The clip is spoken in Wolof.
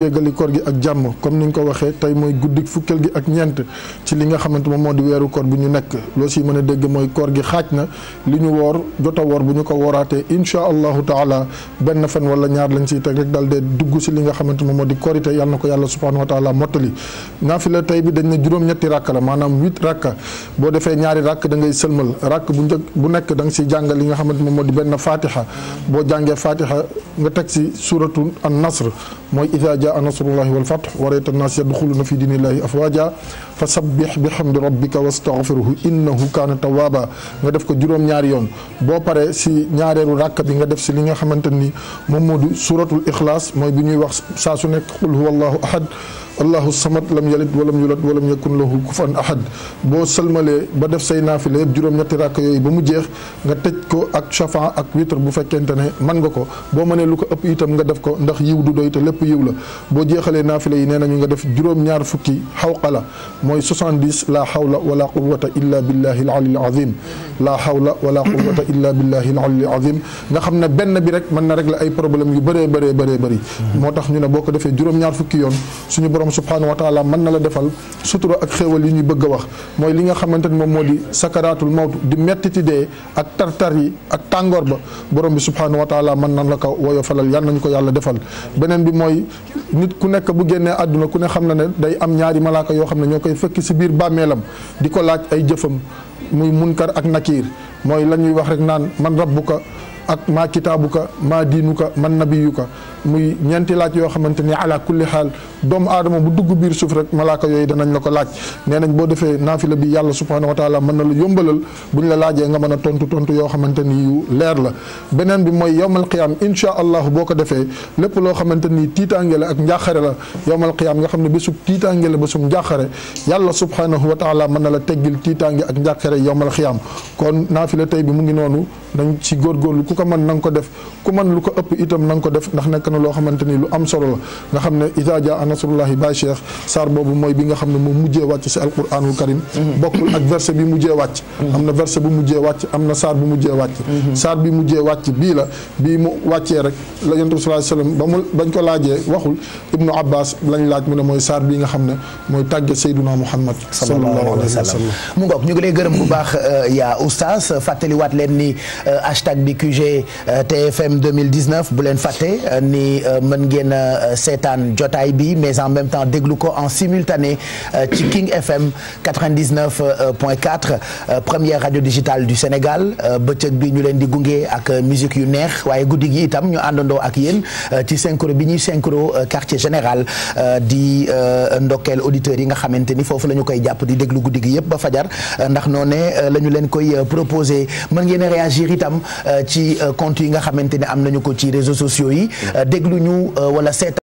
yéegali koor gi ak jàmm comme ni nga ko waxee tey mooy guddik fukkeel gi ak ñeent ci li nga xamante moom moo di weeru koor bi ñu nekk loo si mën a dégg mooy koor gi xaaj na li ñu woor jot a woor bu ñu ko wooraatee inchaa allahu taala benn fan wala ñaar lañ siy teg rek daal dee dugg si li nga xamante moom moo di korité yàlla na ko yàlla subhanahu wa taala mottali naafila tey bi dañ ne juróom-ñetti ràkk la maanaam huit rakka boo defee ñaari ràkk da ngay sëlmal rakk bu njëkk bu nekk da nga siy jàngal li nga xamante moom moo di benn fatiha boo jàngee fatiha nga teg si suratu an nasr mooy ida jaa nasrullahi wal fath wa rayta an nas yadxuluna fi dinillahi afwaja fa sabbih bi xam hamdi rabbika wastaghfirhu innahu kaana tawwaaba nga def ko juróom-ñaari yoon boo paree si ñaareelu ràkk bi nga def si li nga xamante ni moom moo di suratul ixlaas mooy bi ñuy wax saa su nekk qul huwa allahu ahad allahu samad lam yalid walam yulad walam yakun lahu kufan ahad boo sëlmalee ba def say naafila yëpp juróom-ñetti ràkk yooyu ba mu jeex nga tëj ko ak chafa ak witre bu fekkente ne man nga ko boo mënee lu ko ëpp itam nga def ko ndax yiw du doy te lépp yiw la boo jeexalee naafila yi nee nañu nga def juróom-ñaar fukki xawqala mooy 70 la hawla wala quwwata illa billahi al ali al azim la hawla wala quwwata illa billahi al-ali azim nga xam ne benn bi rek mën na régler ay problème yu bëree bëree bëree bëri moo tax ñu ne boo ko defee juróom-ñaar fukki yoon suñu borom subhanahu wa taala man na la defal sutura ak xéewal yi ñuy bëgg a wax mooy li nga xamante ne moom moo di sakaraatul mawt di mettiti dee ak tar yi ak tàngoor ba borom bi subhanahu wa taala man na la ko woyofalal yal nañu ko yàlla defal beneen bi mooy nit ku nekk bu génnee àdduna ku ne xam na ne day am ñaari malaaka yoo xam ne ñoo koy fekk si biir bàmmeelam di laaj ay jëfam Nakir mooy la ñuy wax rek naan man rabbuka ak maa kitaabuka maa diinuka man nabiyuka muy ñeenti laaj yoo xamante ni ala kulli xaal doomu aadama bu dugg biir suuf rek malaaka yooyu danañ la ko laaj nee nañ boo defee naafila bi yàlla subhanahu wa taala mën na la yombalal buñ la laajee nga mën a tontu tontu yoo xamante ni leer la beneen bi mooy yowmal qiyaam insha allahu boo ko defee lépp loo xamante ni tiitaange la ak njaaxare la yowmal qiyaam nga xam ne bésub tiitaange la bésub njaaxare yàlla subhanahu wa taala mën na la teggil tiitaange ak njaaxare yowmal qiyaam kon naafila tey bi mu ngi noonu dañ ci góorgóorlu ku ko man na nga ko def ku man lu ko ëpp itam na nga ko def ndax nekk na loo xamante ni lu am solo la nga xam ne idaa jaa nasrullahi baay cheikh saar boobu mooy bi nga ne moo mujjee wàcc si alquranul karim mhm. bokkul ak verset bi mujjee wàcc mhm. am na verset bu mujjee wàcc am na saar bu mujjee wàcc mhm. saar bi mujjee wàcc bii la bi mu wàccee rek la yonent bi sallallahu alayhi wasallam ba mu bañ ko laajee waxul ibnu abbas lañ laaj mu ne mooy saar bi nga xam ne mooy tàgge sayduna muhammad sallallahu alayhi wa sallam mu ngoog ñu ngi lay gërëm bu baax euh, yaa oustaz fàttaliwaat leen ni Euh, hashtag bi QG TFM 2019 bu leen fàtte euh, ni euh, mën ngeen seetaan jotaay bi mais en même temps déglu ko en simultané ci King FM 99 point 4 première radio digitale du Sénégal bëccëg bi ñu leen di gunge ak musique yu neex waaye guddi gi itam ñu àndandoo ak yéen ci synchro bi ñuy synchro quartier général di ndokkeel auditeurs yi nga xamante ni foofu la ñu koy jàpp di déglu guddi gi yëpp ba fajar ndax noo ne leen koy proposé mën ngeen réagir biir itam euh, ci euh, compte yi nga xamante ne am nañu ko ci réseaux sociaux yi euh, déglu ñu wala seet